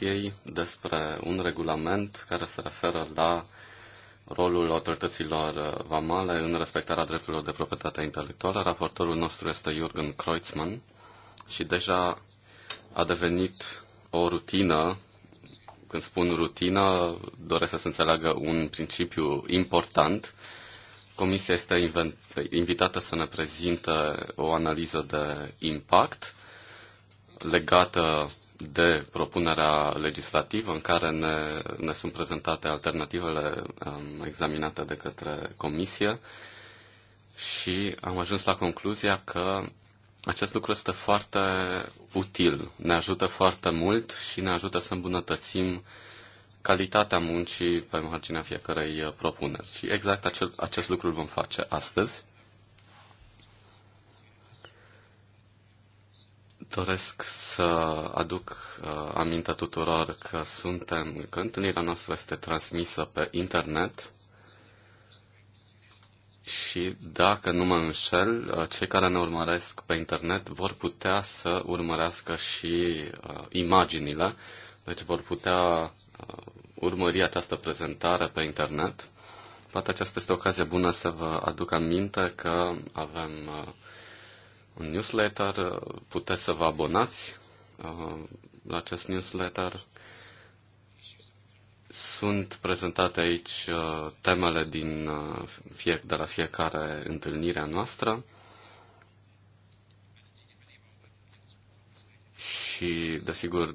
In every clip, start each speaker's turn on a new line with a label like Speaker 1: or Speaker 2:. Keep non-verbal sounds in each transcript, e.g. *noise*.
Speaker 1: Comisiei despre un regulament care se referă la rolul autorităților vamale în respectarea drepturilor de proprietate intelectuală. Raportorul nostru este Jürgen Kreutzmann și deja a devenit o rutină. Când spun rutină, doresc să se înțeleagă un principiu important. Comisia este invitată să ne prezinte o analiză de impact legată de propunerea legislativă în care ne, ne sunt prezentate alternativele um, examinate de către comisie și am ajuns la concluzia că acest lucru este foarte util, ne ajută foarte mult și ne ajută să îmbunătățim calitatea muncii pe marginea fiecarei propuneri. Și exact acel, acest lucru îl vom face astăzi. Doresc să aduc uh, aminte tuturor că suntem, că întâlnirea noastră este transmisă pe internet și dacă nu mă înșel, uh, cei care ne urmăresc pe internet vor putea să urmărească și uh, imaginile, deci vor putea uh, urmări această prezentare pe internet. Poate aceasta este ocazia bună să vă aduc aminte că avem uh, un newsletter, puteți să vă abonați uh, la acest newsletter. Sunt prezentate aici uh, temele din, uh, fie, de la fiecare întâlnire a noastră și, desigur,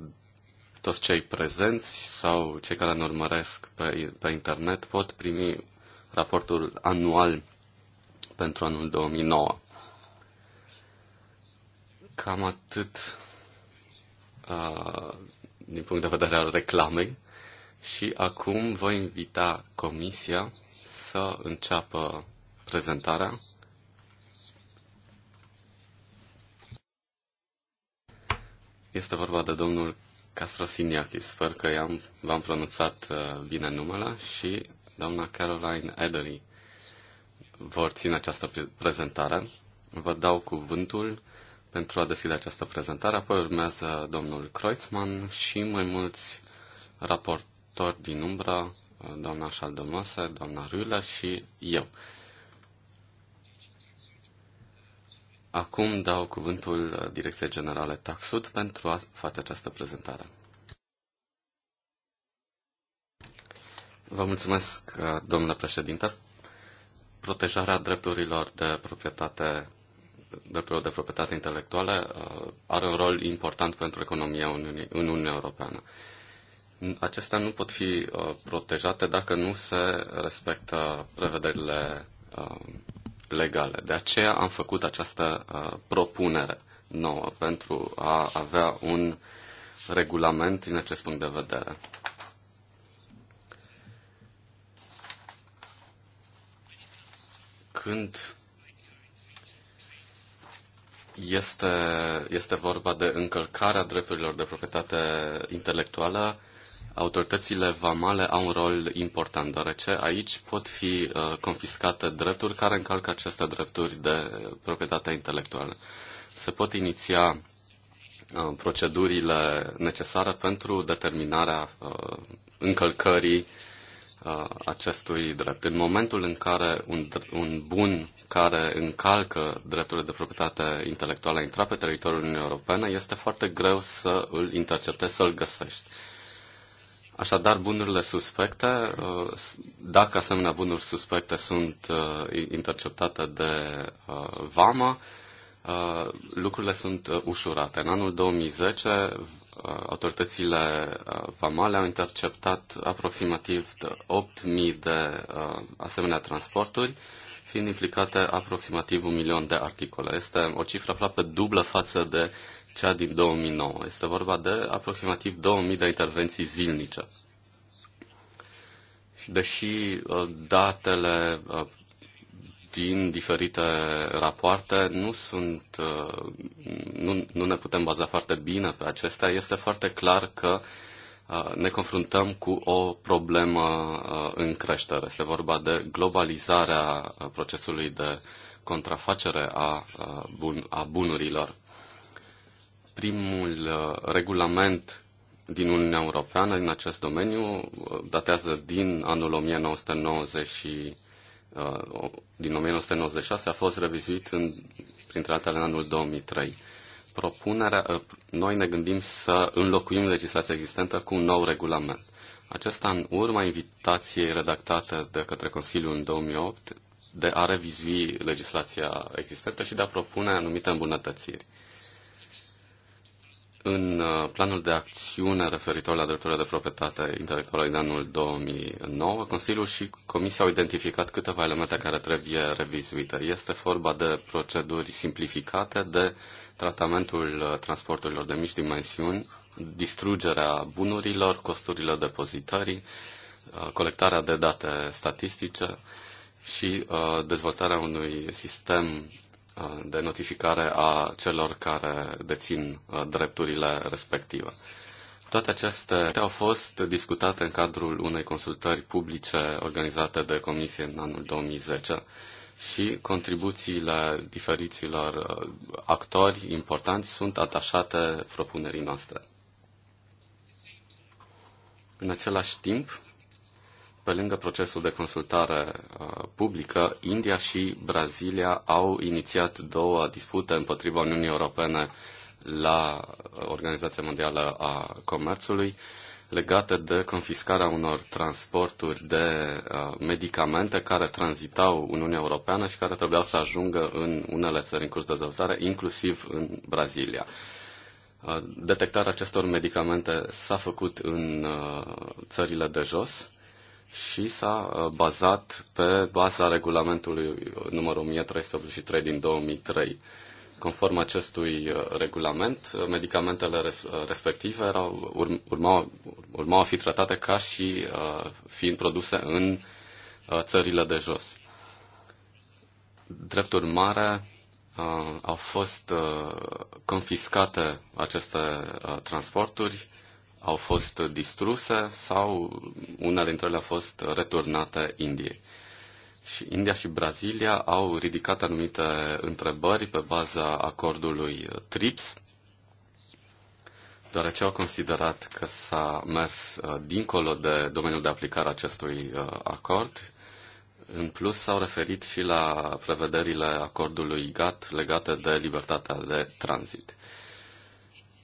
Speaker 1: toți cei prezenți sau cei care ne urmăresc pe, pe internet pot primi raportul anual pentru anul 2009. Cam atât uh, din punct de vedere al reclamei. Și acum voi invita comisia să înceapă prezentarea. Este vorba de domnul Castrosiniachi. Sper că i-am, v-am pronunțat uh, bine numele și doamna Caroline Edery vor ține această prezentare. Vă dau cuvântul pentru a deschide această prezentare. Apoi urmează domnul Kreutzmann și mai mulți raportori din umbra, doamna Șaldomose, doamna Râlă și eu. Acum dau cuvântul Direcției Generale Taxud pentru a face această prezentare. Vă mulțumesc, domnule președinte. Protejarea drepturilor de proprietate drepturilor de proprietate intelectuală uh, are un rol important pentru economia Uniunii, în Uniunea Europeană. Acestea nu pot fi uh, protejate dacă nu se respectă prevederile uh, legale. De aceea am făcut această propunere nouă pentru a avea un regulament din acest punct de vedere. Când este, este vorba de încălcarea drepturilor de proprietate intelectuală. Autoritățile vamale au un rol important, deoarece aici pot fi uh, confiscate drepturi care încalcă aceste drepturi de proprietate intelectuală. Se pot iniția uh, procedurile necesare pentru determinarea uh, încălcării uh, acestui drept. În momentul în care un, un bun care încalcă drepturile de proprietate intelectuală a intra pe teritoriul Uniunii Europene, este foarte greu să îl interceptezi, să-l găsești. Așadar, bunurile suspecte, uh, dacă asemenea bunuri suspecte sunt uh, interceptate de uh, VAMA, lucrurile sunt ușurate. În anul 2010, autoritățile vamale au interceptat aproximativ 8.000 de asemenea transporturi fiind implicate aproximativ un milion de articole. Este o cifră aproape dublă față de cea din 2009. Este vorba de aproximativ 2000 de intervenții zilnice. Și deși uh, datele uh, din diferite rapoarte nu sunt, uh, nu, nu ne putem baza foarte bine pe acestea, este foarte clar că uh, Uh, ne confruntăm cu o problemă uh, în creștere. Este vorba de globalizarea uh, procesului de contrafacere a, bun, a bunurilor. Primul regulament din Uniunea Europeană în acest domeniu datează din anul 1990 și, din 1996 a fost revizuit în, printre altele în anul 2003 propunerea, ă, noi ne gândim să înlocuim legislația existentă cu un nou regulament. Acesta în urma invitației redactate de către Consiliul în 2008 de a revizui legislația existentă și de a propune anumite îmbunătățiri. În ă, planul de acțiune referitor la drepturile de proprietate intelectuală din anul 2009, Consiliul și Comisia au identificat câteva elemente care trebuie revizuite. Este vorba de proceduri simplificate, de tratamentul uh, transporturilor de mici dimensiuni, distrugerea bunurilor, costurile depozitării, uh, colectarea de date statistice și uh, dezvoltarea unui sistem de notificare a celor care dețin drepturile respective. Toate acestea au fost discutate în cadrul unei consultări publice organizate de Comisie în anul 2010 și contribuții la diferiților uh, actori importanți sunt atașate propunerii noastre. În același timp, pe lângă procesul de consultare uh, publică, India și Brazilia au inițiat două dispute împotriva Uniunii Europene la Organizația Mondială a Comerțului, legate de confiscarea unor transporturi de uh, medicamente care tranzitau Uniunea Europeană și care trebuiau să ajungă în unele țări în curs de dezvoltare, inclusiv în Brazilia. Uh, detectarea acestor medicamente s-a făcut în uh, țările de jos și s-a uh, bazat pe baza regulamentului numărul 1383 din 2003 Conform acestui uh, regulament, uh, medicamentele uh, respective erau, urmau, urmau a fi tratate ca și fiind produse în țările de jos. Drept urmare, au fost confiscate aceste transporturi, au fost distruse sau unele dintre ele au fost returnate Indiei și India și Brazilia au ridicat anumite întrebări pe baza acordului uh, TRIPS, deoarece au considerat că s-a mers uh, dincolo de domeniul de aplicare acestui uh, acord. În plus, s-au referit și la prevederile acordului GATT legate de libertatea de tranzit.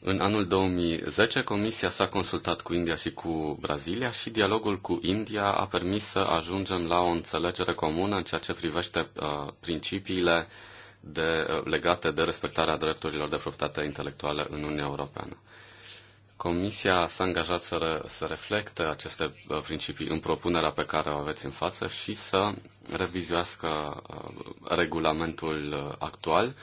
Speaker 1: În anul 2010, Comisia s-a consultat cu India și cu Brazilia și dialogul cu India a permis să ajungem la o înțelegere comună în ceea ce privește uh, principiile de, uh, legate de respectarea drepturilor de proprietate intelectuală în Uniunea Europeană. Comisia s-a angajat să, re, să reflecte aceste uh, principii în propunerea pe care o aveți în față și să revizuiască uh, regulamentul uh, actual uh,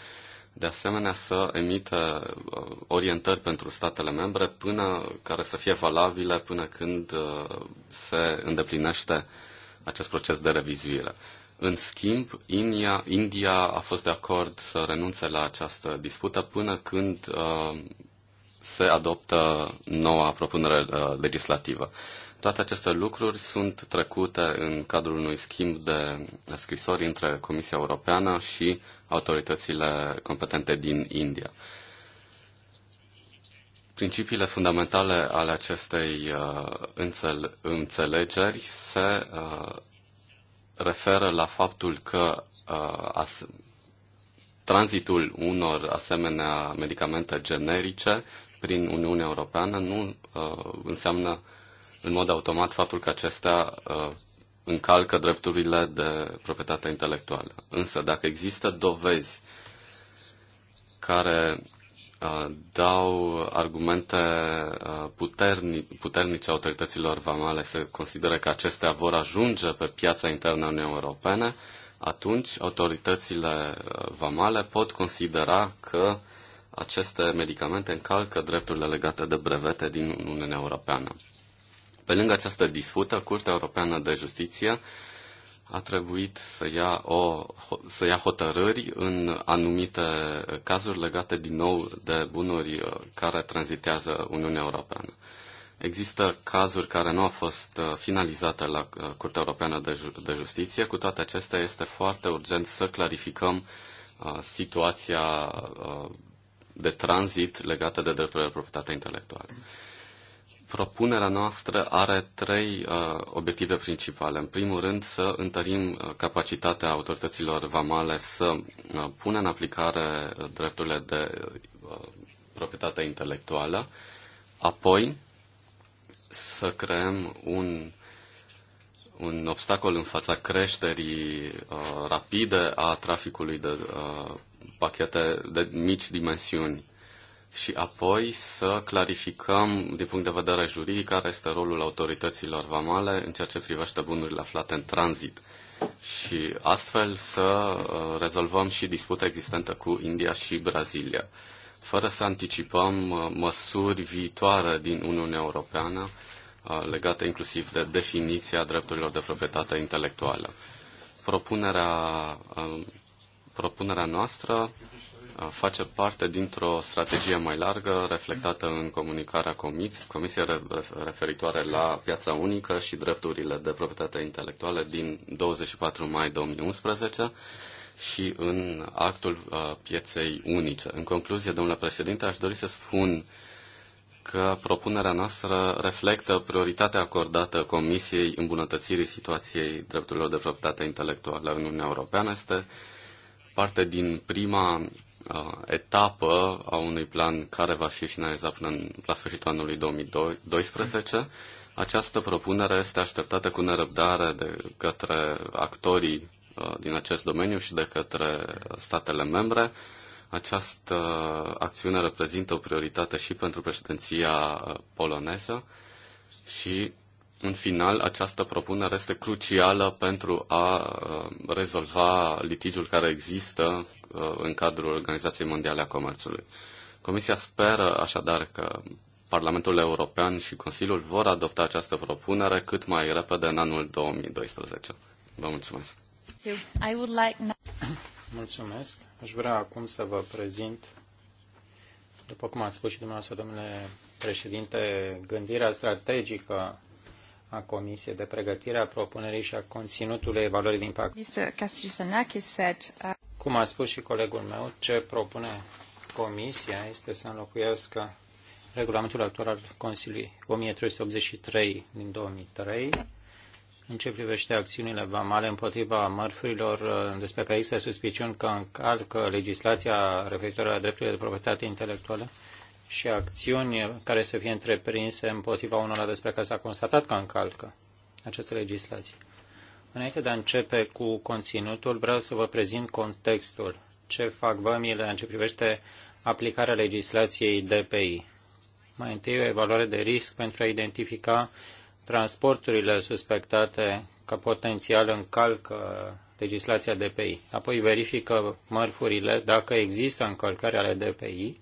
Speaker 1: de asemenea să emită uh, orientări pentru statele membre până care să fie valabile până când uh, se îndeplinește acest proces de revizuire. În schimb, India, India a fost de acord să renunțe la această dispută până când uh, se adoptă noua propunere uh, legislativă. Toate aceste lucruri sunt trecute în cadrul unui schimb de scrisori între Comisia Europeană și autoritățile competente din India. Principiile fundamentale ale acestei uh, înțel- înțelegeri se uh, referă la faptul că uh, as- tranzitul unor asemenea medicamente generice prin Uniunea Europeană nu uh, înseamnă în mod automat faptul că acestea uh, încalcă drepturile de proprietate intelectuală. Însă, dacă există dovezi care uh, dau argumente uh, puterni, puternice autorităților vamale să considere că acestea vor ajunge pe piața internă a Uniunii Europene, atunci autoritățile vamale pot considera că aceste medicamente încalcă drepturile legate de brevete din Uniunea Europeană. Pe lângă această dispută, Curtea Europeană de Justiție a trebuit să ia, o, să ia hotărâri în anumite cazuri legate din nou de bunuri uh, care tranzitează Uniunea Europeană. Există cazuri care nu au fost uh, finalizate la uh, Curtea Europeană de, de Justiție. Cu toate acestea, este foarte urgent să clarificăm situația de tranzit legată de drepturile de proprietate intelectuală. Propunerea noastră are trei uh, obiective principale. În primul rând, să întărim uh, capacitatea autorităților vamale să uh, pună în aplicare uh, drepturile de uh, proprietate intelectuală, apoi să creăm un, un obstacol în fața creșterii uh, rapide a traficului de uh, pachete de mici dimensiuni și apoi să clarificăm din punct de vedere juridic care este rolul autorităților vamale în ceea ce privește bunurile aflate în tranzit și astfel să uh, rezolvăm și disputa existentă cu India și Brazilia, fără să anticipăm uh, măsuri viitoare din Uniunea Europeană uh, legate inclusiv de definiția drepturilor de proprietate intelectuală. Propunerea, propunerea noastră face parte dintr-o strategie mai largă reflectată în comunicarea comis Comisiei referitoare la piața unică și drepturile de proprietate intelectuală din 24 mai 2011 și în actul uh, pieței unice. În concluzie, domnule președinte, aș dori să spun că propunerea noastră reflectă prioritatea acordată Comisiei îmbunătățirii situației drepturilor de proprietate intelectuală în Uniunea Europeană. Este parte din prima uh, etapă a unui plan care va fi finalizat până în, la sfârșitul anului 2012. Această propunere este așteptată cu nerăbdare de către actorii uh, din acest domeniu și de către statele membre. Această acțiune reprezintă o prioritate și pentru președinția uh, poloneză și în final, această propunere este crucială pentru a uh, rezolva litigiul care există Uh, în cadrul Organizației Mondiale a Comerțului. Comisia speră așadar că Parlamentul European și Consiliul vor adopta această propunere cât mai repede în anul 2012. Vă mulțumesc!
Speaker 2: I would like...
Speaker 3: Mulțumesc! Aș vrea acum să vă prezint, după cum a spus și dumneavoastră, domnule președinte, gândirea strategică a Comisiei de pregătire a propunerii și a conținutului evaluării de impact. Mr. Castellanakis
Speaker 2: said, uh...
Speaker 3: Cum a spus și colegul meu, ce propune Comisia este să înlocuiască regulamentul actual al Consiliului 1383 din 2003 în ce privește acțiunile vamale împotriva mărfurilor uh, despre care există suspiciuni că încalcă legislația referitoare la drepturile de proprietate intelectuală și acțiuni care să fie întreprinse împotriva unora despre care s-a constatat că încalcă această legislație. Înainte de a începe cu conținutul, vreau să vă prezint contextul. Ce fac vămile în ce privește aplicarea legislației DPI? Mai întâi o evaluare de risc pentru a identifica transporturile suspectate ca potențial încalcă legislația DPI. Apoi verifică mărfurile dacă există încălcări ale DPI,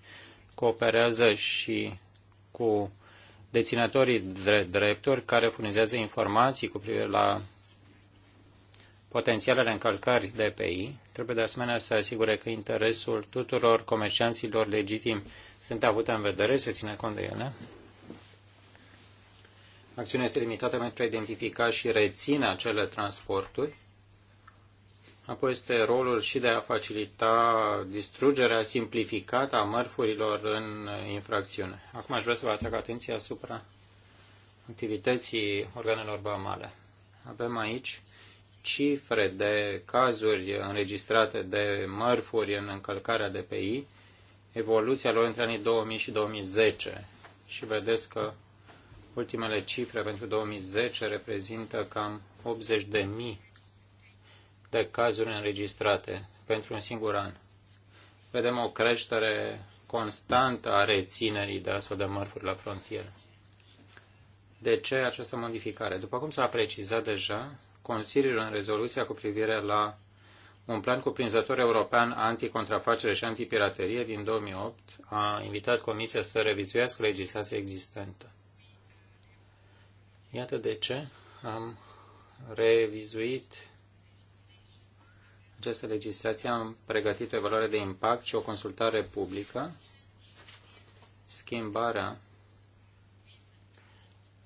Speaker 3: cooperează și cu deținătorii de drepturi care furnizează informații cu privire la potențialele încălcări de P.I. trebuie de asemenea să asigure că interesul tuturor comercianților legitimi sunt avute în vedere, se ține cont de ele. Acțiunea este limitată pentru a identifica și reține acele transporturi. Apoi este rolul și de a facilita distrugerea simplificată a mărfurilor în infracțiune. Acum aș vrea să vă atrag atenția asupra activității organelor vamale. Avem aici cifre de cazuri înregistrate de mărfuri în încălcarea DPI, evoluția lor între anii 2000 și 2010. Și vedeți că ultimele cifre pentru 2010 reprezintă cam 80.000 de cazuri înregistrate pentru un singur an. Vedem o creștere constantă a reținerii de astfel de mărfuri la frontieră. De ce această modificare? După cum s-a precizat deja, Consiliul în rezoluția cu privire la un plan cuprinzător european anticontrafacere și antipiraterie din 2008 a invitat Comisia să revizuiască legislația existentă. Iată de ce am revizuit această legislație, am pregătit o evaluare de impact și o consultare publică. Schimbarea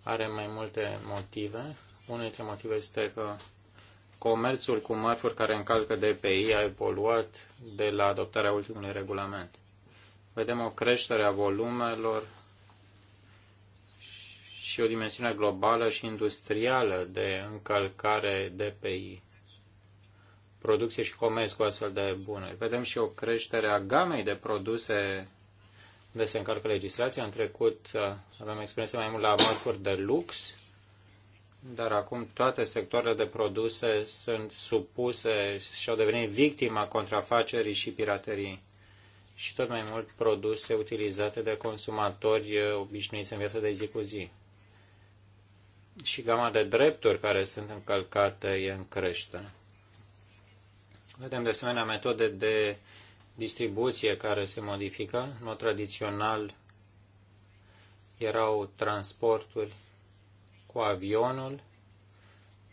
Speaker 3: are mai multe motive. Unul dintre motive este că comerțul cu mărfuri care încalcă DPI a evoluat de la adoptarea ultimului regulament. Vedem o creștere a volumelor și o dimensiune globală și industrială de încălcare DPI, producție și comerț cu astfel de bunuri. Vedem și o creștere a gamei de produse unde se încarcă legislația. În trecut uh, avem experiență mai mult la mărfuri de lux, dar acum toate sectoarele de produse sunt supuse și au devenit victima contrafacerii și pirateriei și tot mai mult produse utilizate de consumatori uh, obișnuiți în viața de zi cu zi. Și gama de drepturi care sunt încălcate e în creștere. Vedem de asemenea metode de distribuție care se modifică. În mod tradițional erau transporturi cu avionul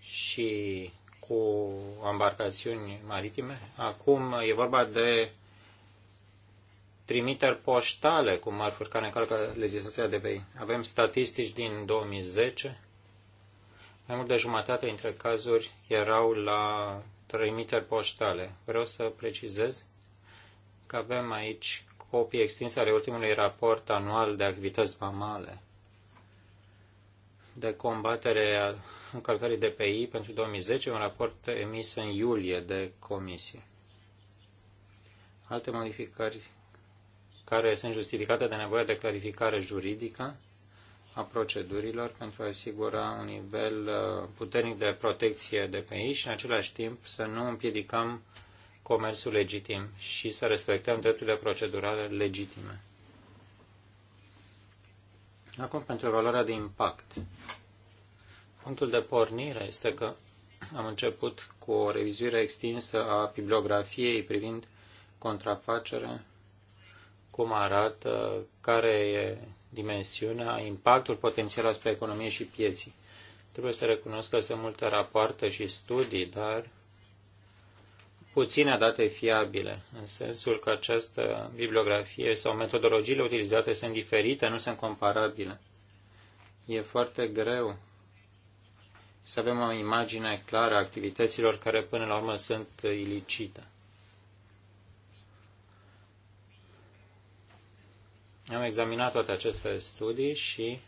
Speaker 3: și cu embarcațiuni maritime. Acum e vorba de trimiteri poștale cu mărfuri care încalcă legislația de pe ei. Avem statistici din 2010. Mai mult de jumătate dintre cazuri erau la trimiteri poștale. Vreau să precizez că avem aici copii extinse ale ultimului raport anual de activități vamale de combatere a încălcării DPI pentru 2010, un raport emis în iulie de comisie. Alte modificări care sunt justificate de nevoia de clarificare juridică a procedurilor pentru a asigura un nivel uh, puternic de protecție DPI și în același timp să nu împiedicăm comerțul legitim și să respectăm drepturile procedurale legitime. Acum, pentru valoarea de impact. Punctul de pornire este că am început cu o revizuire extinsă a bibliografiei privind contrafacerea, cum arată, care e dimensiunea, impactul potențial asupra economiei și pieții. Trebuie să recunosc că sunt multe rapoarte și studii, dar puține date fiabile, în sensul că această bibliografie sau metodologiile utilizate sunt diferite, nu sunt comparabile. E foarte greu să avem o imagine clară a activităților care până la urmă sunt ilicite. Am examinat toate aceste studii și unul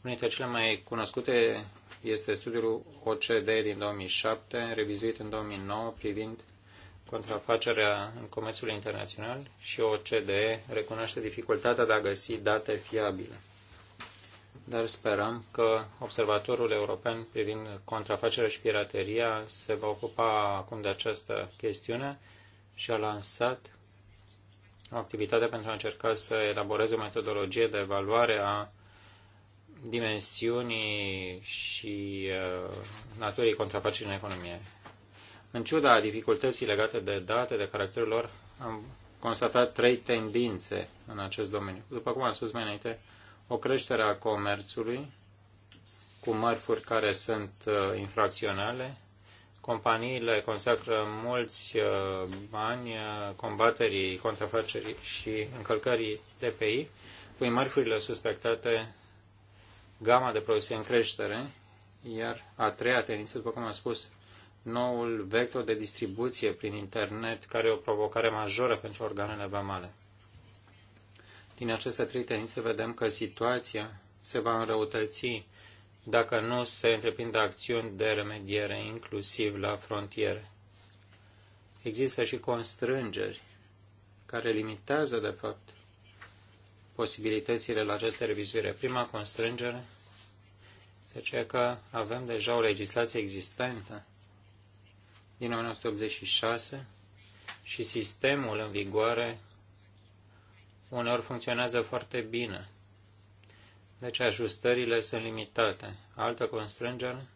Speaker 3: dintre cele mai cunoscute este studiul OCD din 2007, revizuit în 2009, privind contrafacerea în comerțul internațional și OCDE recunoaște dificultatea de a găsi date fiabile. Dar sperăm că Observatorul European privind contrafacerea și pirateria se va ocupa acum de această chestiune și a lansat o activitate pentru a încerca să elaboreze o metodologie de evaluare a dimensiunii și uh, naturii contrafacerii în economie. În ciuda dificultății legate de date, de caracterul lor, am constatat trei tendințe în acest domeniu. După cum am spus mai înainte, o creștere a comerțului cu mărfuri care sunt uh, infracționale, companiile consacră mulți uh, bani uh, combaterii contrafacerii și încălcării DPI, cu mărfurile suspectate, gama de produse în creștere, iar a treia tendință, după cum am spus, noul vector de distribuție prin internet, care e o provocare majoră pentru organele vamale. Din aceste trei tendințe vedem că situația se va înrăutăți dacă nu se întreprinde acțiuni de remediere, inclusiv la frontiere. Există și constrângeri care limitează, de fapt, posibilitățile la aceste revizuire. Prima constrângere este aceea că avem deja o legislație existentă din 1986 și sistemul în vigoare uneori funcționează foarte bine. Deci ajustările sunt limitate. Altă constrângere,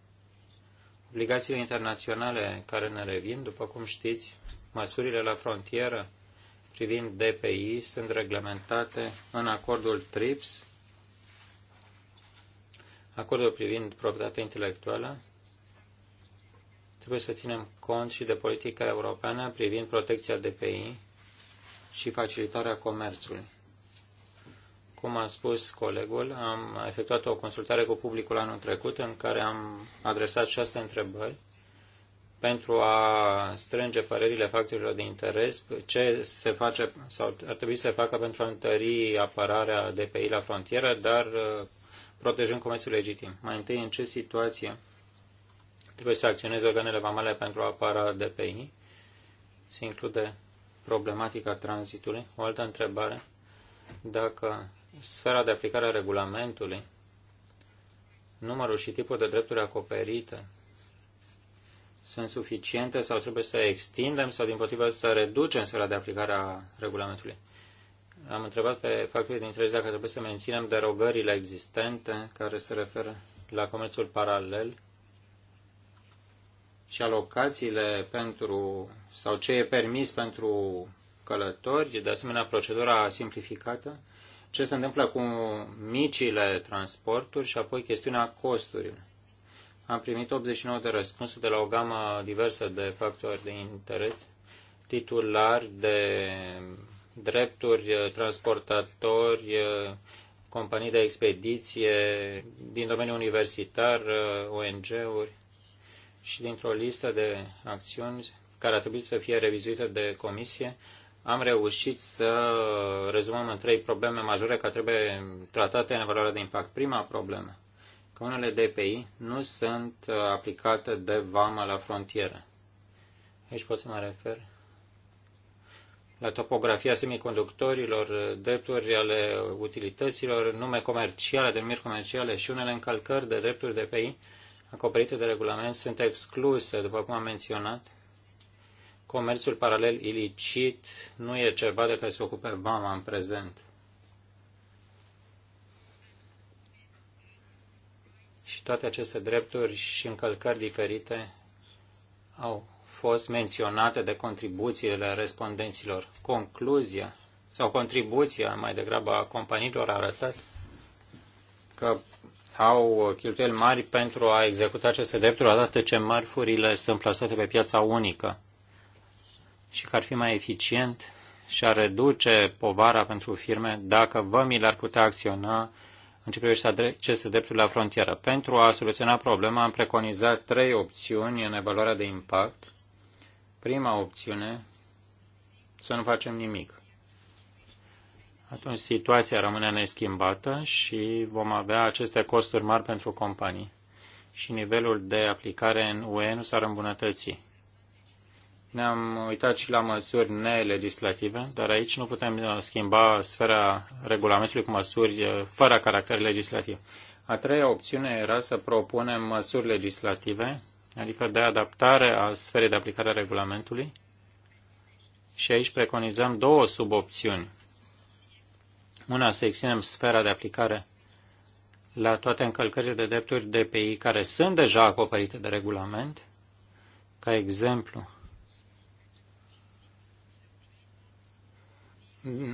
Speaker 3: obligațiile internaționale care ne revin, după cum știți, măsurile la frontieră privind DPI sunt reglementate în acordul TRIPS, acordul privind proprietatea intelectuală, Trebuie să ținem cont și de politica europeană privind protecția DPI și facilitarea comerțului. Cum a spus colegul, am efectuat o consultare cu publicul anul trecut în care am adresat șase întrebări pentru a strânge părerile factorilor de interes, ce se face sau ar trebui să facă pentru a întări apărarea DPI la frontieră, dar uh, protejând comerțul legitim. Mai întâi, în ce situație trebuie să acționeze organele vamale pentru a apăra DPI. Se include problematica tranzitului. O altă întrebare, dacă sfera de aplicare a regulamentului, numărul și tipul de drepturi acoperite sunt suficiente sau trebuie să extindem sau din potrivă să reducem sfera de aplicare a regulamentului. Am întrebat pe factorii dintre ei dacă trebuie să menținem derogările existente care se referă la comerțul paralel și alocațiile pentru sau ce e permis pentru călători, de asemenea procedura simplificată, ce se întâmplă cu micile transporturi și apoi chestiunea costurilor. Am primit 89 de răspunsuri de la o gamă diversă de factori de interes, titulari de drepturi, transportatori, companii de expediție, din domeniul universitar, ONG-uri și dintr-o listă de acțiuni care a trebuit să fie revizuită de comisie, am reușit să rezumăm în trei probleme majore care trebuie tratate în valoarea de impact. Prima problemă, că unele DPI nu sunt uh, aplicate de vamă la frontieră. Aici pot să mă refer la topografia semiconductorilor, drepturi ale utilităților, nume comerciale, denumiri comerciale și unele încălcări de drepturi DPI acoperite de regulament sunt excluse, după cum am menționat. Comerțul paralel ilicit nu e ceva de care se ocupe mama în prezent. Și toate aceste drepturi și încălcări diferite au fost menționate de contribuțiile respondenților. Concluzia sau contribuția mai degrabă a companiilor a arătat că au cheltuieli mari pentru a executa aceste drepturi, odată ce mărfurile sunt plasate pe piața unică și că ar fi mai eficient și ar reduce povara pentru firme dacă vămile ar putea acționa în ce privește aceste drepturi la frontieră. Pentru a soluționa problema am preconizat trei opțiuni în evaluarea de impact. Prima opțiune, să nu facem nimic atunci situația rămâne neschimbată și vom avea aceste costuri mari pentru companii și nivelul de aplicare în UE nu s-ar îmbunătăți. Ne-am uitat și la măsuri nelegislative, dar aici nu putem uh, schimba sfera regulamentului cu măsuri uh, fără caracter legislativ. A treia opțiune era să propunem măsuri legislative, adică de adaptare a sferei de aplicare a regulamentului. Și aici preconizăm două subopțiuni. Una, să extindem sfera de aplicare la toate încălcările de drepturi DPI care sunt deja acoperite de regulament, ca exemplu,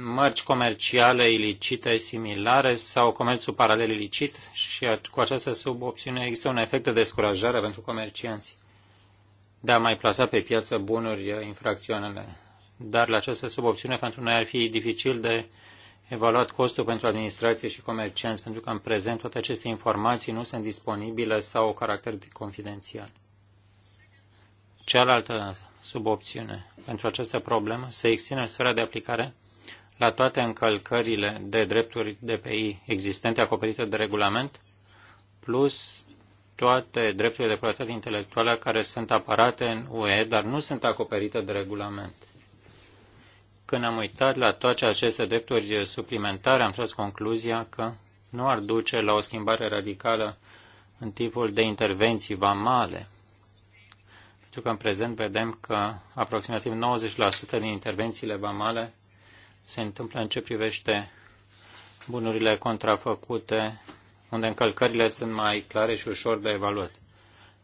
Speaker 3: mărci comerciale ilicite similare sau comerțul paralel ilicit și cu această subopțiune există un efect de descurajare pentru comercianți de a mai plasa pe piață bunuri eh, infracționale. Dar la această subopțiune pentru noi ar fi dificil de evaluat costul pentru administrație și comercianți, pentru că în prezent toate aceste informații nu sunt disponibile sau au caracter de confidențial. Cealaltă subopțiune pentru această problemă se extinde sfera de aplicare la toate încălcările de drepturi DPI existente acoperite de regulament, plus toate drepturile de proprietate intelectuală care sunt aparate în UE, dar nu sunt acoperite de regulament. Când am uitat la toate aceste drepturi suplimentare, am tras concluzia că nu ar duce la o schimbare radicală în tipul de intervenții vamale. Pentru că în prezent vedem că aproximativ 90% din intervențiile vamale se întâmplă în ce privește bunurile contrafăcute, unde încălcările sunt mai clare și ușor de evaluat.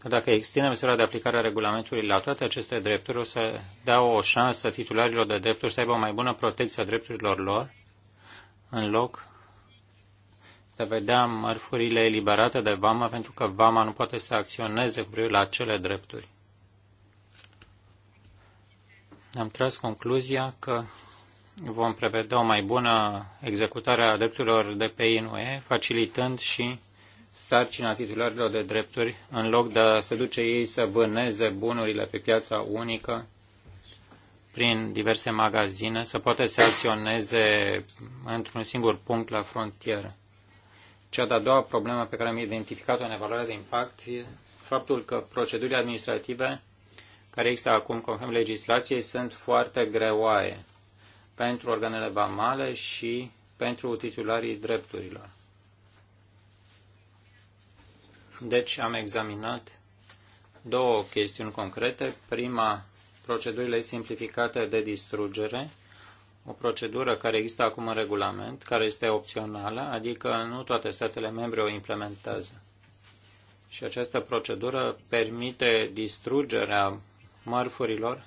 Speaker 3: Dacă extindem sfera de aplicare a regulamentului la toate aceste drepturi, o să dea o șansă titularilor de drepturi să aibă o mai bună protecție a drepturilor lor, în loc de a vedea mărfurile eliberate de vama, pentru că vama nu poate să acționeze cu privire la acele drepturi. Am tras concluzia că vom prevedea o mai bună executare a drepturilor de pe INUE, facilitând și sarcina titularilor de drepturi, în loc de a se duce ei să vâneze bunurile pe piața unică prin diverse magazine, să poată să acționeze într-un singur punct la frontieră. Cea de-a doua problemă pe care am identificat-o în evaluarea de impact e faptul că procedurile administrative care există acum conform legislației sunt foarte greoaie pentru organele vamale și pentru titularii drepturilor. Deci am examinat două chestiuni concrete. Prima, procedurile simplificate de distrugere, o procedură care există acum în regulament, care este opțională, adică nu toate statele membre o implementează. Și această procedură permite distrugerea mărfurilor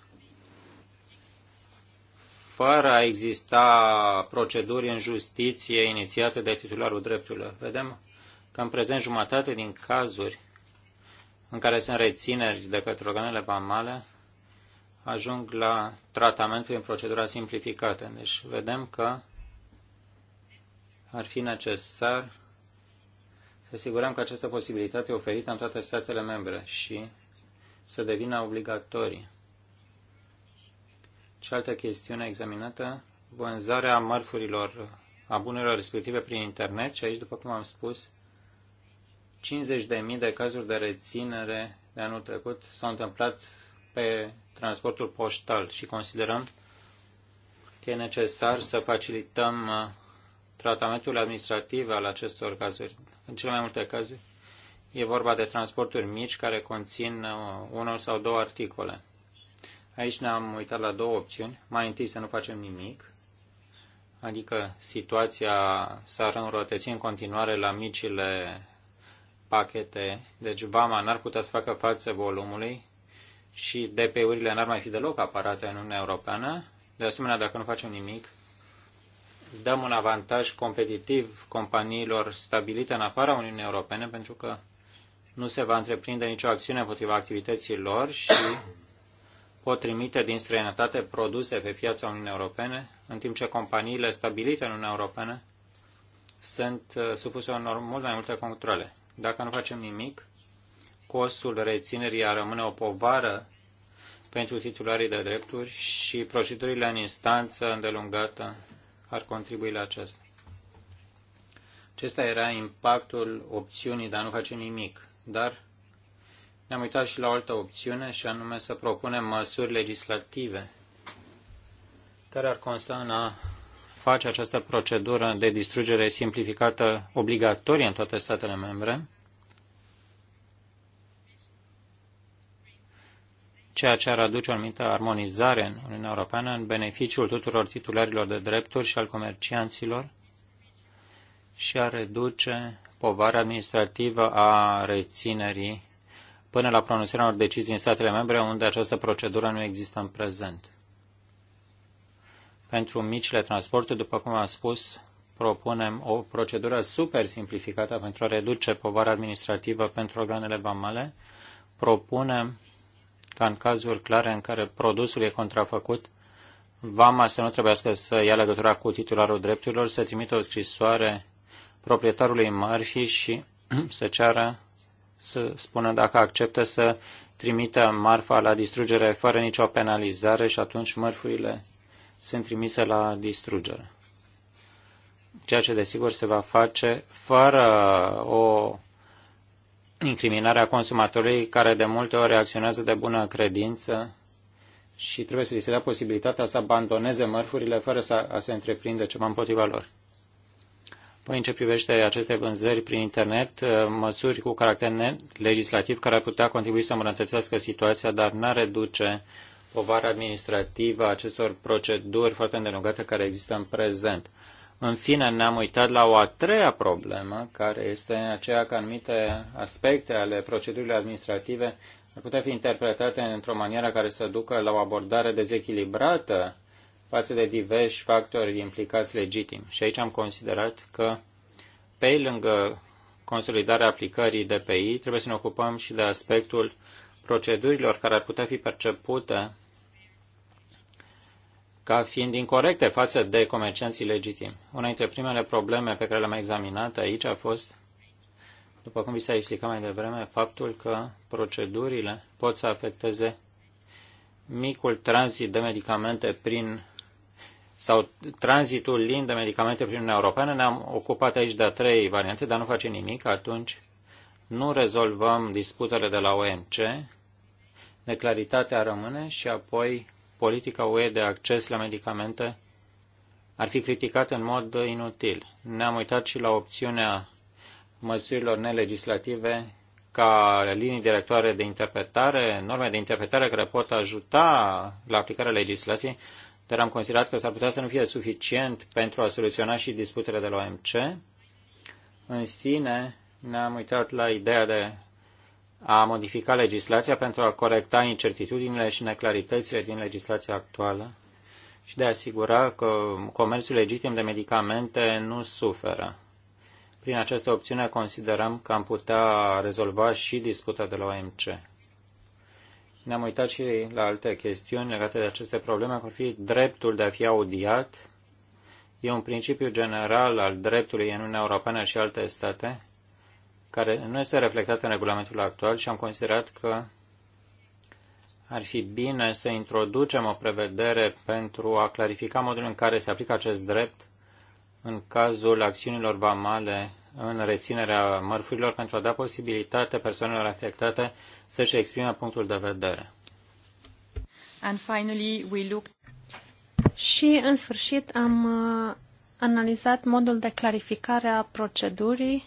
Speaker 3: fără a exista proceduri în justiție inițiate de titularul drepturilor. Vedem că în prezent jumătate din cazuri în care sunt rețineri de către organele vamale ajung la tratament prin procedura simplificată. Deci vedem că ar fi necesar să asigurăm că această posibilitate e oferită în toate statele membre și să devină obligatorie. Și altă chestiune examinată, vânzarea mărfurilor a bunurilor respective prin internet și aici, după cum am spus, 50.000 de cazuri de reținere de anul trecut s-au întâmplat pe transportul poștal și considerăm că e necesar să facilităm uh, tratamentul administrativ al acestor cazuri. În cele mai multe cazuri e vorba de transporturi mici care conțin uh, unul sau două articole. Aici ne-am uitat la două opțiuni. Mai întâi să nu facem nimic, adică situația s-ar înrotăți în continuare la micile pachete, deci vama n-ar putea să facă față volumului și DP-urile n-ar mai fi deloc aparate în Uniunea Europeană. De asemenea, dacă nu facem nimic, dăm un avantaj competitiv companiilor stabilite în afara Uniunii Europene pentru că nu se va întreprinde nicio acțiune împotriva activității lor și pot trimite din străinătate produse pe piața Uniunii Europene, în timp ce companiile stabilite în Uniunea Europeană sunt uh, supuse unor mult mai multe controle. Dacă nu facem nimic, costul reținerii ar rămâne o povară pentru titularii de drepturi și procedurile în instanță îndelungată ar contribui la aceasta. Acesta era impactul opțiunii de a nu face nimic, dar ne-am uitat și la o altă opțiune și anume să propunem măsuri legislative care ar consta în a face această procedură de distrugere simplificată obligatorie în toate statele membre, ceea ce ar aduce o anumită armonizare în Uniunea Europeană în beneficiul tuturor titularilor de drepturi și al comercianților și ar reduce povara administrativă a reținerii până la pronunțarea unor decizii în statele membre unde această procedură nu există în prezent. Pentru micile transporturi, după cum am spus, propunem o procedură super simplificată pentru a reduce povara administrativă pentru organele vamale. Propunem ca în cazuri clare în care produsul e contrafăcut, vama să nu trebuiască să ia legătura cu titularul drepturilor, să trimită o scrisoare proprietarului mărfii și *clears throat* să ceară să spună dacă acceptă să trimită marfa la distrugere fără nicio penalizare și atunci mărfurile sunt trimise la distrugere. Ceea ce desigur se va face fără o incriminare a consumatorului care de multe ori reacționează de bună credință și trebuie să li se dea posibilitatea să abandoneze mărfurile fără să a se întreprinde ceva împotriva lor. Păi în ce privește aceste vânzări prin internet, ă, măsuri cu caracter legislativ care ar putea contribui să îmbunătățească situația, dar n-ar reduce povara administrativă a acestor proceduri foarte îndelungate care există în prezent. În fine, ne-am uitat la o a treia problemă, care este aceea că anumite aspecte ale procedurilor administrative ar putea fi interpretate într-o manieră care să ducă la o abordare dezechilibrată față de diversi factori implicați legitim. Și aici am considerat că, pe lângă consolidarea aplicării DPI, trebuie să ne ocupăm și de aspectul procedurilor care ar putea fi percepute ca fiind incorrecte față de comercianții legitimi. Una dintre primele probleme pe care le-am examinat aici a fost, după cum vi s-a explicat mai devreme, faptul că procedurile pot să afecteze micul tranzit de medicamente prin sau tranzitul lin de medicamente prin Uniunea Europeană. Ne-am ocupat aici de a trei variante, dar nu face nimic. Atunci nu rezolvăm disputele de la OMC, neclaritatea rămâne și apoi politica UE de acces la medicamente ar fi criticată în mod inutil. Ne-am uitat și la opțiunea măsurilor nelegislative ca linii directoare de interpretare, norme de interpretare care pot ajuta la aplicarea legislației, dar am considerat că s-ar putea să nu fie suficient pentru a soluționa și disputele de la OMC. În fine, ne-am uitat la ideea de a modifica legislația pentru a corecta incertitudinile și neclaritățile din legislația actuală și de a asigura că comerțul legitim de medicamente nu suferă. Prin această opțiune considerăm că am putea rezolva și disputa de la OMC. Ne-am uitat și la alte chestiuni legate de aceste probleme, cum ar fi dreptul de a fi audiat. E un principiu general al dreptului în Uniunea Europeană și alte state care nu este reflectat în regulamentul actual și am considerat că ar fi bine să introducem o prevedere pentru a clarifica modul în care se aplică acest drept în cazul acțiunilor vamale în reținerea mărfurilor pentru a da posibilitate persoanelor afectate să-și exprime punctul de vedere.
Speaker 2: And finally, we look... Și, în sfârșit, am uh, analizat modul de clarificare a procedurii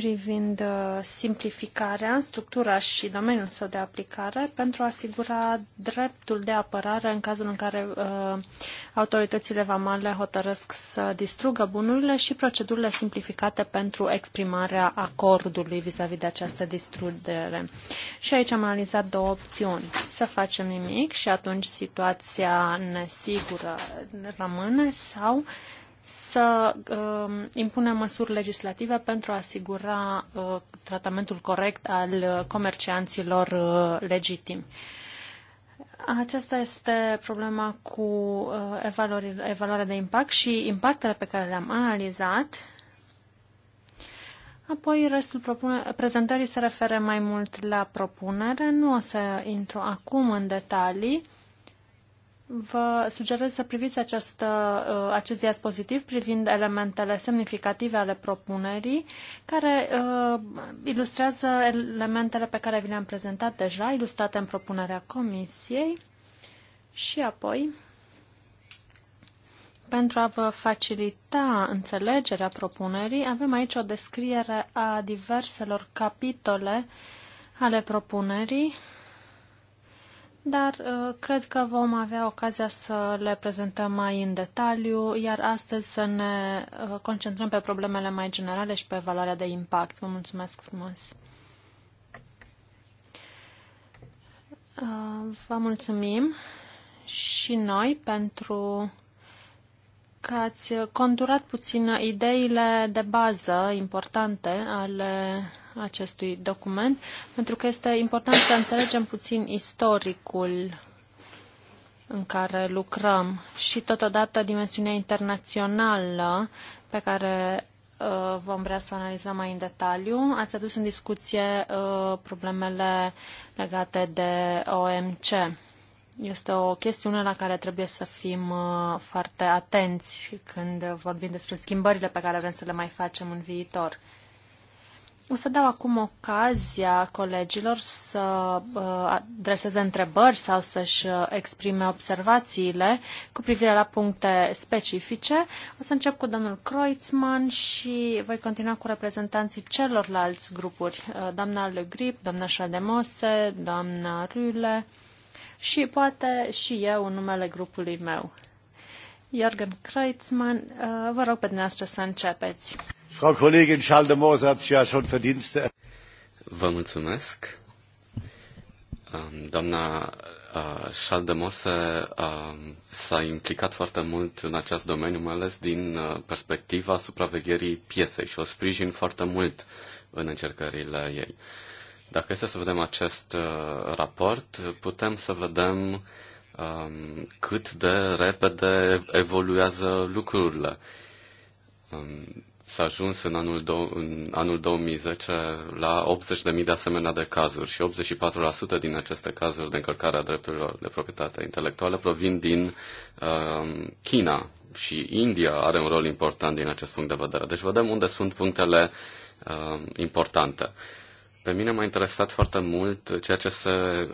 Speaker 2: privind uh, simplificarea, structura și domeniul său de aplicare pentru a asigura dreptul de apărare în cazul în care uh, autoritățile vamale hotărăsc să distrugă bunurile și procedurile simplificate pentru exprimarea acordului vis-a-vis de această distrugere. Și aici am analizat două opțiuni. Să facem nimic și atunci situația nesigură rămâne sau să uh, impunem măsuri legislative pentru a asigura uh, tratamentul corect al comercianților uh, legitimi. Aceasta este problema cu uh, evaluarea de impact și impactele pe care le-am analizat. Apoi, restul prezentării se referă mai mult la propunere. Nu o să intru acum în detalii. Vă sugerez să priviți acest, uh, acest diapozitiv privind elementele semnificative ale propunerii, care uh, ilustrează elementele pe care vi le-am prezentat deja, ilustrate în propunerea comisiei. Și apoi, pentru a vă facilita înțelegerea propunerii, avem aici o descriere a diverselor capitole ale propunerii dar uh, cred că vom avea ocazia să le prezentăm mai în detaliu, iar astăzi să ne uh, concentrăm pe problemele mai generale și pe valoarea de impact. Vă mulțumesc frumos! Uh, vă mulțumim și noi pentru că ați conturat puțin ideile de bază importante ale acestui document, pentru că este important să înțelegem puțin istoricul în care lucrăm și totodată dimensiunea internațională pe care uh, vom vrea să o analizăm mai în detaliu. Ați adus în discuție uh, problemele legate de OMC. Este o chestiune la care trebuie să fim uh, foarte atenți când vorbim despre schimbările pe care vrem să le mai facem în viitor. O să dau acum ocazia colegilor să uh, adreseze întrebări sau să-și uh, exprime observațiile cu privire la puncte specifice. O să încep cu domnul Kreutzmann și voi continua cu reprezentanții celorlalți grupuri, doamna Le Grip, doamna Șademose, doamna Rüle și poate și eu în numele grupului meu. Jorgen Kreitzmann, uh, vă rog pe dumneavoastră să începeți.
Speaker 1: Frau Kollegin Schaldemose hat ja schon Verdienste. Vă mulțumesc. Um, doamna uh, Schaldemose um, s-a implicat foarte mult în acest domeniu, mai ales din uh, perspectiva supravegherii pieței și o sprijin foarte mult în încercările ei. Dacă este să vedem acest uh, raport, putem să vedem um, cât de repede evoluează lucrurile. Um, s-a ajuns în anul, do- în anul 2010 la 80.000 de asemenea de cazuri și 84% din aceste cazuri de încălcare a drepturilor de proprietate intelectuală provin din um, China și India are un rol important din acest punct de vedere. Deci vedem unde sunt punctele um, importante. Uh, pe mine m-a interesat foarte mult ceea ce se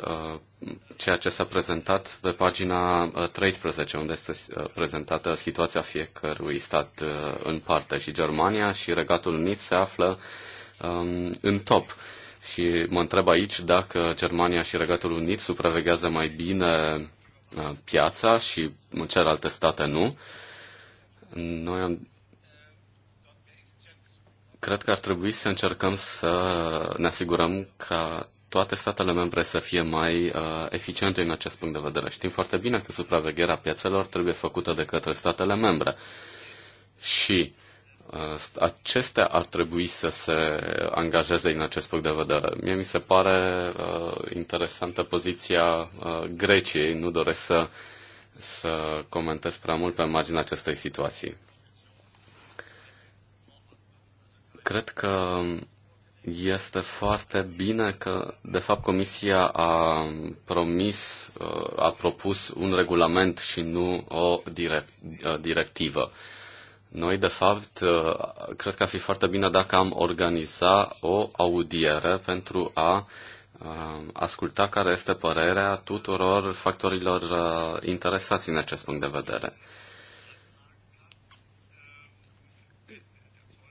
Speaker 1: uh, ceea ce s-a prezentat pe pagina 13, uh, unde este uh, prezentată situația fiecărui stat în parte și Germania și Regatul Unit se află um, în top. Și mă întreb aici dacă Germania și Regatul Unit supraveghează mai bine piața și celelalte state nu. Noi am, Cred că ar trebui să încercăm să ne asigurăm ca toate statele membre să fie mai uh, eficiente în acest punct de vedere. Știm foarte bine că supravegherea piețelor trebuie făcută de către statele membre. Și uh, acestea ar trebui să se angajeze în acest punct de vedere. Mie mi se pare uh, interesantă poziția uh, Greciei. Nu doresc să, să comentez prea mult pe marginea acestei situații. Cred că este foarte bine că, de fapt, Comisia a promis, a propus un regulament și nu o direct, directivă. Noi, de fapt, cred că ar fi foarte bine dacă am organiza o audiere pentru a asculta care este părerea tuturor factorilor uh, interesați în acest punct de vedere.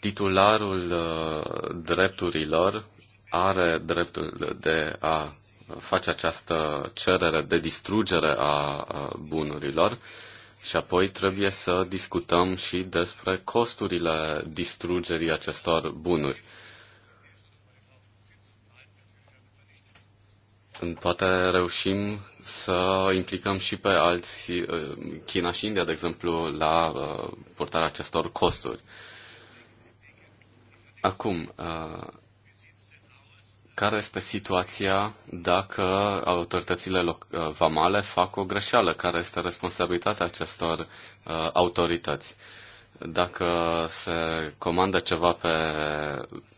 Speaker 1: titularul uh, drepturilor are dreptul de a face această cerere de distrugere a bunurilor și apoi trebuie să discutăm și despre costurile distrugerii acestor bunuri. Poate reușim să implicăm și pe alți, uh, China și India, de exemplu, la uh, purtarea acestor costuri. Acum, uh, care este situația dacă autoritățile uh, vamale fac o greșeală? Care este responsabilitatea acestor uh, autorități? Dacă se comandă ceva pe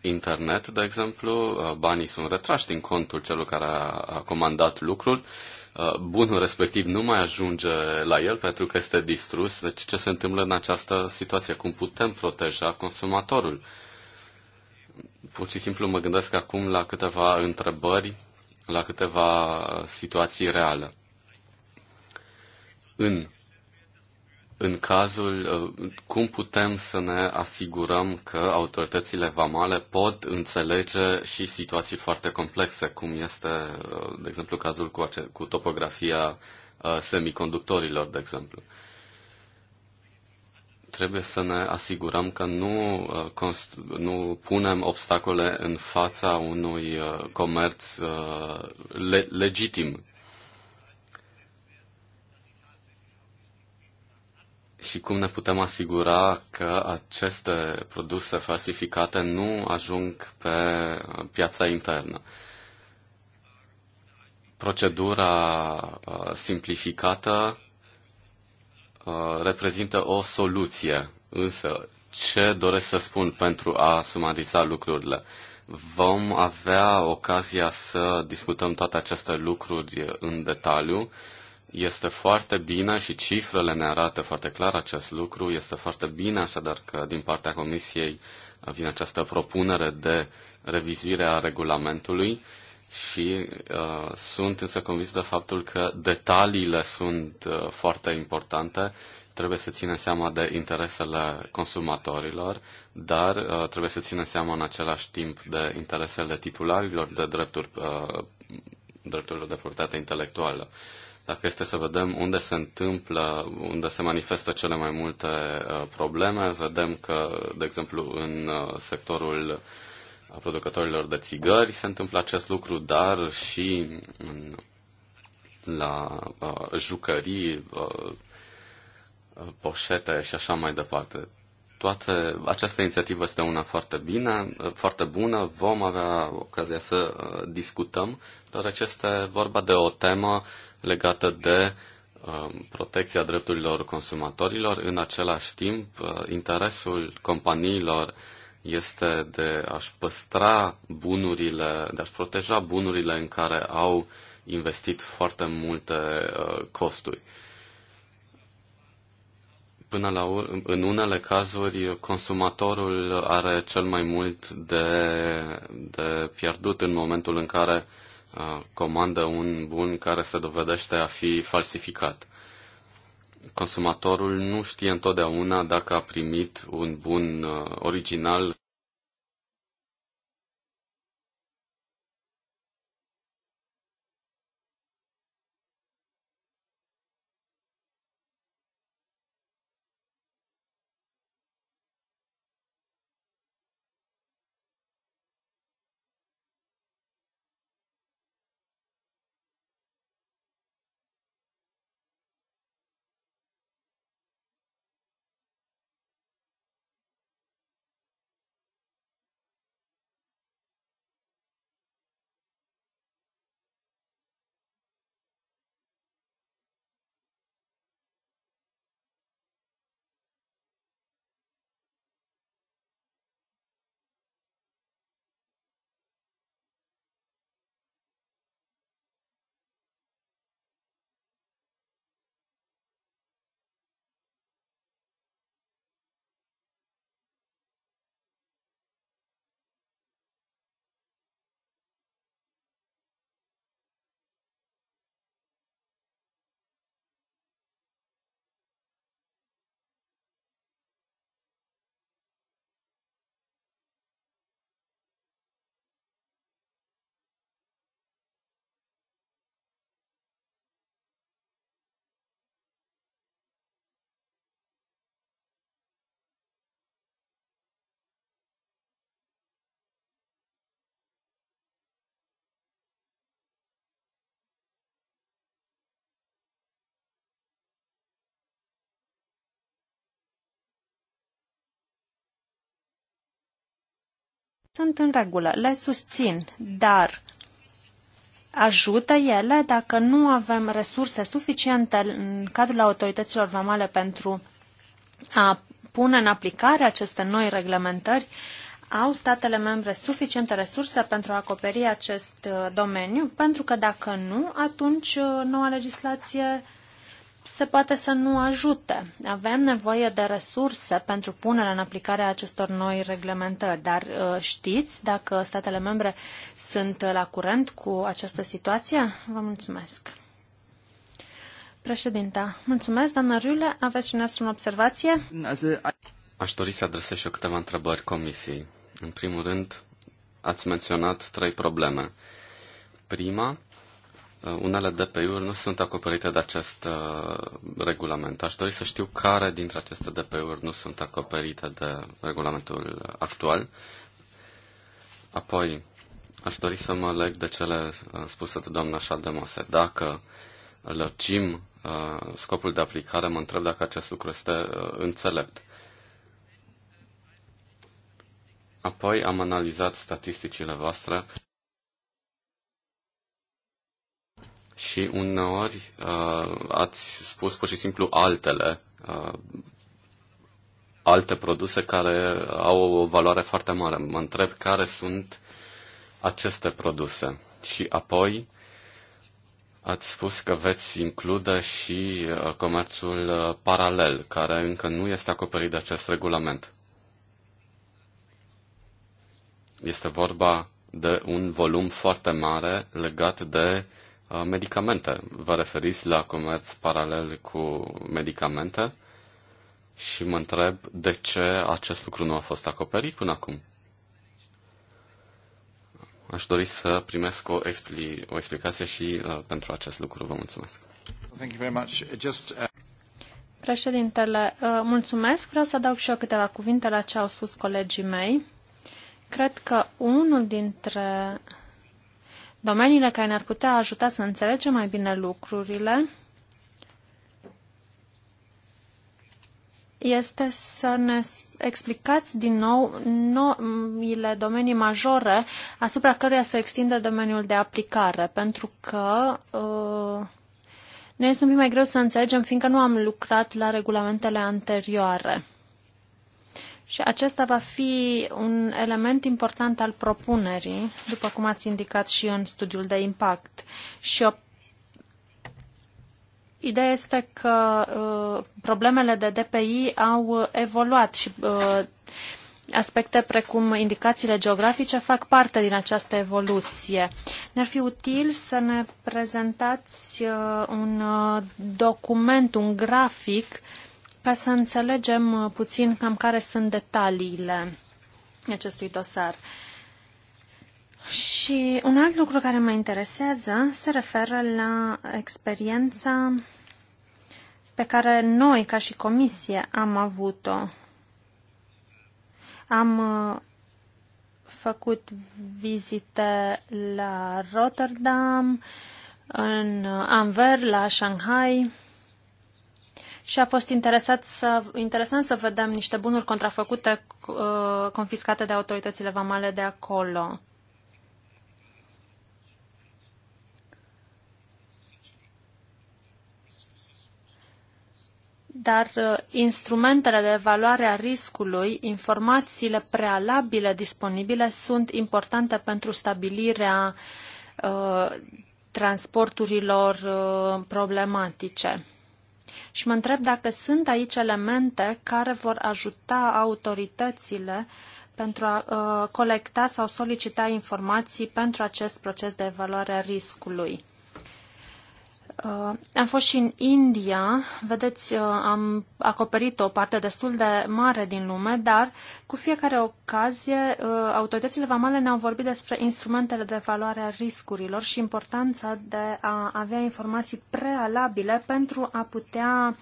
Speaker 1: internet, de exemplu, banii sunt retrași din contul celor care a comandat lucrul, bunul respectiv nu mai ajunge la el pentru că este distrus. Deci ce se întâmplă în această situație? Cum putem proteja consumatorul? Uh, Pur și simplu mă gândesc acum la câteva întrebări, la câteva situații reale. În, în cazul, uh, cum putem să ne asigurăm că autoritățile vamale pot înțelege și situații foarte complexe, cum este, uh, de exemplu, cazul cu, ace- cu topografia uh, semiconductorilor, de exemplu. Uh, trebuie să ne asigurăm că nu, uh, nu punem obstacole în fața unui uh, comerț uh, le- legitim. Și cum ne putem asigura că aceste produse falsificate nu ajung pe piața internă? Procedura simplificată Uh, reprezintă o soluție, însă ce doresc să spun pentru a sumariza lucrurile? Vom avea ocazia să discutăm toate aceste lucruri în detaliu. Este foarte bine și cifrele ne arată foarte clar acest lucru. Este foarte bine așadar că din partea Comisiei vine această propunere de revizuire a regulamentului și uh, sunt însă convins de faptul că detaliile sunt uh, foarte importante. Trebuie să ținem seama de interesele consumatorilor, dar uh, trebuie să ținem seama în același timp de interesele titularilor de drepturi, uh, drepturilor de proprietate intelectuală. Dacă este să vedem unde se întâmplă, unde se manifestă cele mai multe uh, probleme, vedem că, de exemplu, în uh, sectorul uh, producătorilor de țigări se întâmplă acest lucru, dar și în, la uh, jucării, uh, poșete și așa mai departe. Toate, această inițiativă este una foarte bine, uh, foarte bună, vom avea ocazia să uh, discutăm, dar este vorba de o temă legată de uh, protecția drepturilor consumatorilor, în același timp interesul companiilor este de a-și păstra bunurile, de a-și proteja bunurile în care au investit foarte multe uh, costuri. Până la ur- în unele cazuri, consumatorul are cel mai mult de, de pierdut în momentul în care uh, comandă un bun care se dovedește a fi falsificat consumatorul nu știe întotdeauna dacă a primit un bun uh, original
Speaker 2: sunt în regulă, le susțin, dar ajută ele dacă nu avem resurse suficiente în cadrul autorităților vamale pentru a pune în aplicare aceste noi reglementări, au statele membre suficiente resurse pentru a acoperi acest uh, domeniu? Pentru că dacă nu, atunci uh, noua legislație se poate să nu ajute. Avem nevoie de resurse pentru punerea în aplicare a acestor noi reglementări, dar uh, știți dacă statele membre sunt la curent cu această situație? Vă mulțumesc. Președinta, mulțumesc, doamnă Riule, aveți și noastră în observație?
Speaker 1: Aș dori să adresez și eu câteva întrebări comisiei. În primul rând, ați menționat trei probleme. Prima, Uh, unele DPI-uri nu sunt acoperite de acest uh, regulament. Aș dori să știu care dintre aceste DPI-uri nu sunt acoperite de regulamentul actual. Apoi, aș dori să mă leg de cele uh, spuse de doamna Șaldemose. Dacă lărgim scopul de aplicare, mă întreb dacă acest lucru este înțelept. Apoi am analizat statisticile voastre și uneori uh, ați spus pur și simplu altele, uh, alte produse care au o valoare foarte mare. Mă întreb care sunt aceste produse. Și apoi ați spus că veți include și uh, comerțul uh, paralel, care încă nu este acoperit de acest regulament. Este vorba de un volum foarte mare legat de uh, Uh, medicamente. Vă referiți la comerț paralel cu medicamente și mă întreb de ce acest lucru nu a fost acoperit până acum. Aș dori să primesc o, expli- o explicație și uh, pentru acest lucru. Vă mulțumesc. Thank you very much. Just, uh...
Speaker 2: Președintele, uh, mulțumesc. Vreau să adaug și eu câteva cuvinte la ce au spus colegii mei. Cred că unul dintre domeniile care ne-ar putea ajuta să înțelegem mai bine lucrurile este să ne explicați din nou noile domenii majore asupra căruia se extinde domeniul de aplicare, pentru că uh, ne este un pic mai greu să înțelegem, fiindcă nu am lucrat la regulamentele anterioare. Și acesta va fi un element important al propunerii, după cum ați indicat și în studiul de impact. Și o Ideea este că uh, problemele de DPI au evoluat și uh, aspecte precum indicațiile geografice fac parte din această evoluție. Ne-ar fi util să ne prezentați uh, un uh, document, un grafic uh, ca să înțelegem uh, puțin cam care sunt detaliile acestui dosar. Și un alt lucru care mă interesează se referă la experiența pe care noi, ca și comisie, am avut-o. Am uh, făcut vizite la Rotterdam, în Anver, la Shanghai și a fost interesat să, interesant să vedem niște bunuri contrafăcute uh, confiscate de autoritățile vamale de acolo. Dar uh, instrumentele de evaluare a riscului, informațiile prealabile disponibile sunt importante pentru stabilirea uh, transporturilor uh, problematice și mă întreb dacă sunt aici elemente care vor ajuta autoritățile pentru a uh, colecta sau solicita informații pentru acest proces de evaluare a riscului. Uh, am fost și în India, vedeți, uh, am acoperit o parte destul de mare din lume, dar cu fiecare ocazie uh, autoritățile vamale ne-au vorbit despre instrumentele de evaluare a riscurilor și importanța de a avea informații prealabile pentru a putea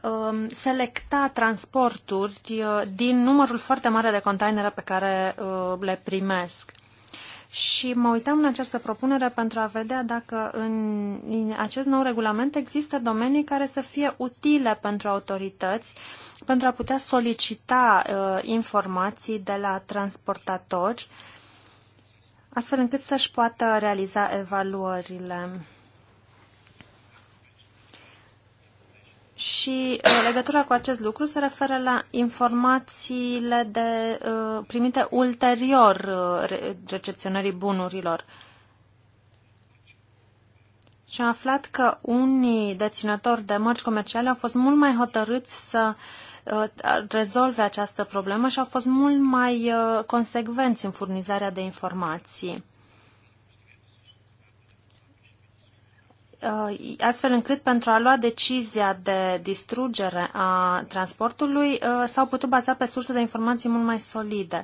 Speaker 2: um, selecta transporturi uh, din numărul foarte mare de containere pe care uh, le primesc și mă uitam în această propunere pentru a vedea dacă în, în acest nou regulament există domenii care să fie utile pentru autorități pentru a putea solicita uh, informații de la transportatori astfel încât să-și poată realiza evaluările. Și uh, legătura cu acest lucru se referă la informațiile de, uh, primite ulterior uh, recepționării bunurilor. Și am aflat că unii deținători de mărci comerciale au fost mult mai hotărâți să rezolve această problemă și au fost mult mai consecvenți în furnizarea de informații. Uh, astfel încât pentru a lua decizia de distrugere a transportului uh, s-au putut baza pe surse de informații mult mai solide.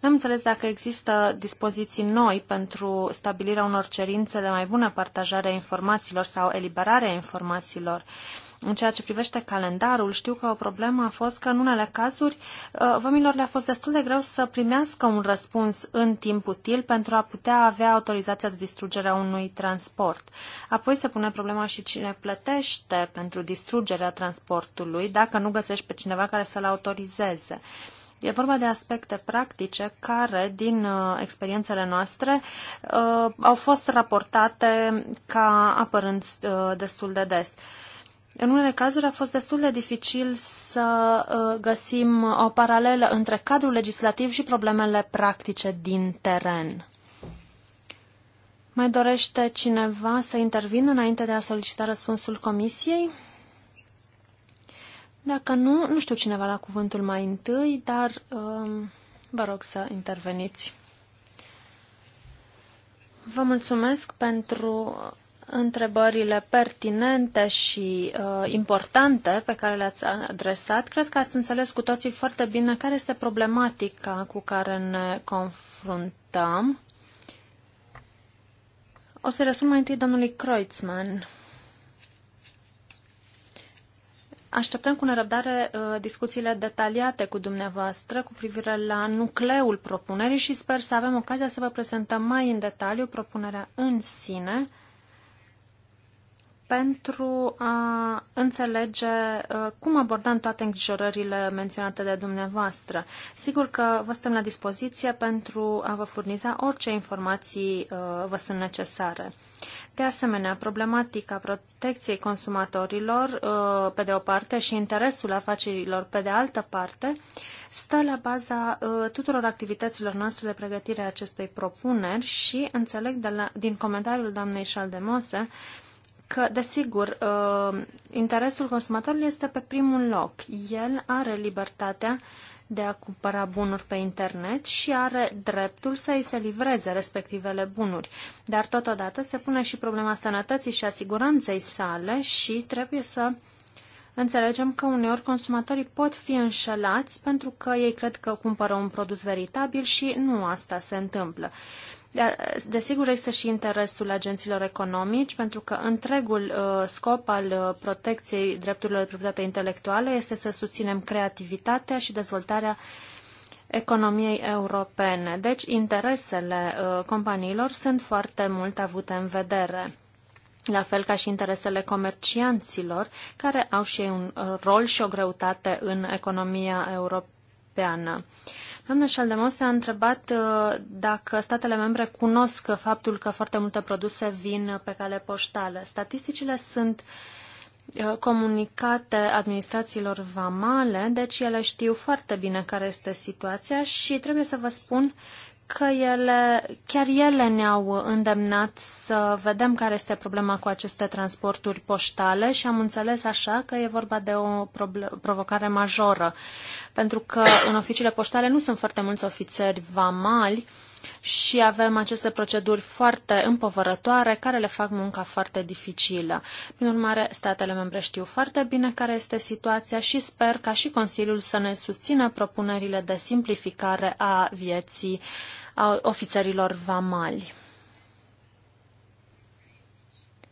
Speaker 2: Nu am înțeles dacă există dispoziții noi pentru stabilirea unor cerințe de mai bună partajare a informațiilor sau eliberarea informațiilor. Uh, în ceea ce privește calendarul, știu că o problemă a fost că în unele cazuri uh, vămilor le-a fost destul de greu să primească un răspuns în timp util pentru a putea avea autorizația de distrugere a unui transport. Apoi se pune problema și cine plătește pentru distrugerea transportului dacă nu găsești pe cineva care să-l autorizeze. E vorba de aspecte practice care, din uh, experiențele noastre, uh, au fost raportate ca apărând uh, destul de des. Uh, în unele cazuri a fost destul de dificil să uh, găsim o paralelă între cadrul legislativ și problemele practice din teren. Mai dorește cineva să intervină înainte de a solicita răspunsul comisiei? Dacă nu, nu știu cineva la cuvântul mai întâi, dar um, vă rog să interveniți. Vă mulțumesc pentru întrebările pertinente și uh, importante pe care le-ați adresat. Cred că ați înțeles cu toții foarte bine care este problematica cu care ne confruntăm. O să răspund mai întâi domnului Kreutzmann. Așteptăm cu nerăbdare uh, discuțiile detaliate cu dumneavoastră cu privire la nucleul propunerii și sper să avem ocazia să vă prezentăm mai în detaliu propunerea în sine pentru a înțelege uh, cum abordăm toate îngrijorările menționate de dumneavoastră. Sigur că vă stăm la dispoziție pentru a vă furniza orice informații uh, vă sunt necesare. De asemenea, problematica protecției consumatorilor, uh, pe de o parte, și interesul afacerilor, pe de altă parte, stă la baza tuturor activităților noastre de pregătire a acestei propuneri și înțeleg de la, din comentariul doamnei Șaldemose, Mose că, desigur, uh, interesul consumatorului este pe primul loc. El are libertatea de a cumpăra bunuri pe internet și are dreptul să îi se livreze respectivele bunuri. Dar totodată se pune și problema sănătății și a siguranței sale și trebuie să înțelegem că uneori consumatorii pot fi înșelați pentru că ei cred că cumpără un produs veritabil și nu asta se întâmplă. Desigur, există și interesul agenților economici, pentru că întregul uh, scop al uh, protecției drepturilor de proprietate intelectuală este să susținem creativitatea și dezvoltarea economiei europene. Deci, interesele uh, companiilor sunt foarte mult avute în vedere la fel ca și interesele comercianților, care au și ei un rol și o greutate în economia europeană Europeană. Doamna Șaldemos a întrebat uh, dacă statele membre cunosc faptul că foarte multe produse vin pe cale poștală. Statisticile sunt uh, comunicate administrațiilor vamale, deci ele știu foarte bine care este situația și trebuie să vă spun că ele, chiar ele ne-au îndemnat să vedem care este problema cu aceste transporturi poștale și am înțeles așa că e vorba de o provocare majoră pentru că în oficiile poștale nu sunt foarte mulți ofițeri vamali și avem aceste proceduri foarte împovărătoare care le fac munca foarte dificilă. Prin urmare, statele membre știu foarte bine care este situația și sper ca și Consiliul să ne susțină propunerile de simplificare a vieții a ofițerilor vamali.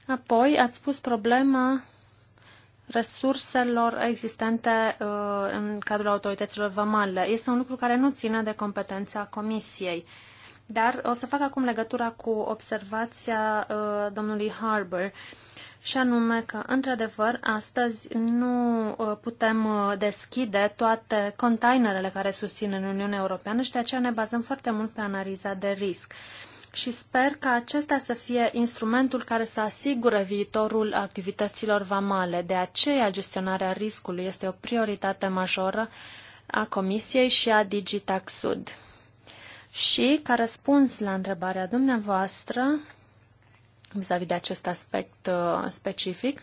Speaker 2: Apoi ați spus problema resurselor existente uh, în cadrul autorităților vămale. Este un lucru care nu ține de competența Comisiei. Dar o să fac acum legătura cu observația uh, domnului Harbour și anume că, într-adevăr, astăzi nu uh, putem uh, deschide toate containerele care susțin în Uniunea Europeană și de aceea ne bazăm foarte mult pe analiza de risc. Uh, și sper ca acesta să fie instrumentul care să asigure viitorul activităților vamale. De aceea, gestionarea riscului este o prioritate majoră a Comisiei și a Digitax Sud. Și, ca răspuns la întrebarea dumneavoastră, vis-a-vis -vis de acest aspect uh, specific,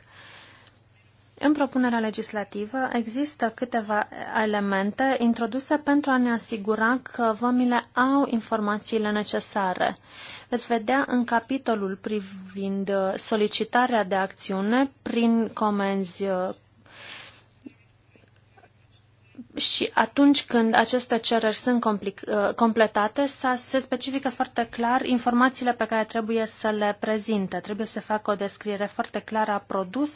Speaker 2: în propunerea legislativă există câteva elemente introduse pentru a ne asigura că vămile au informațiile necesare. Veți vedea în capitolul privind solicitarea de acțiune prin comenzi uh, și atunci când aceste cereri sunt uh, completate, se specifică foarte clar informațiile pe care trebuie să le prezinte. Trebuie să facă o descriere foarte clară a produselor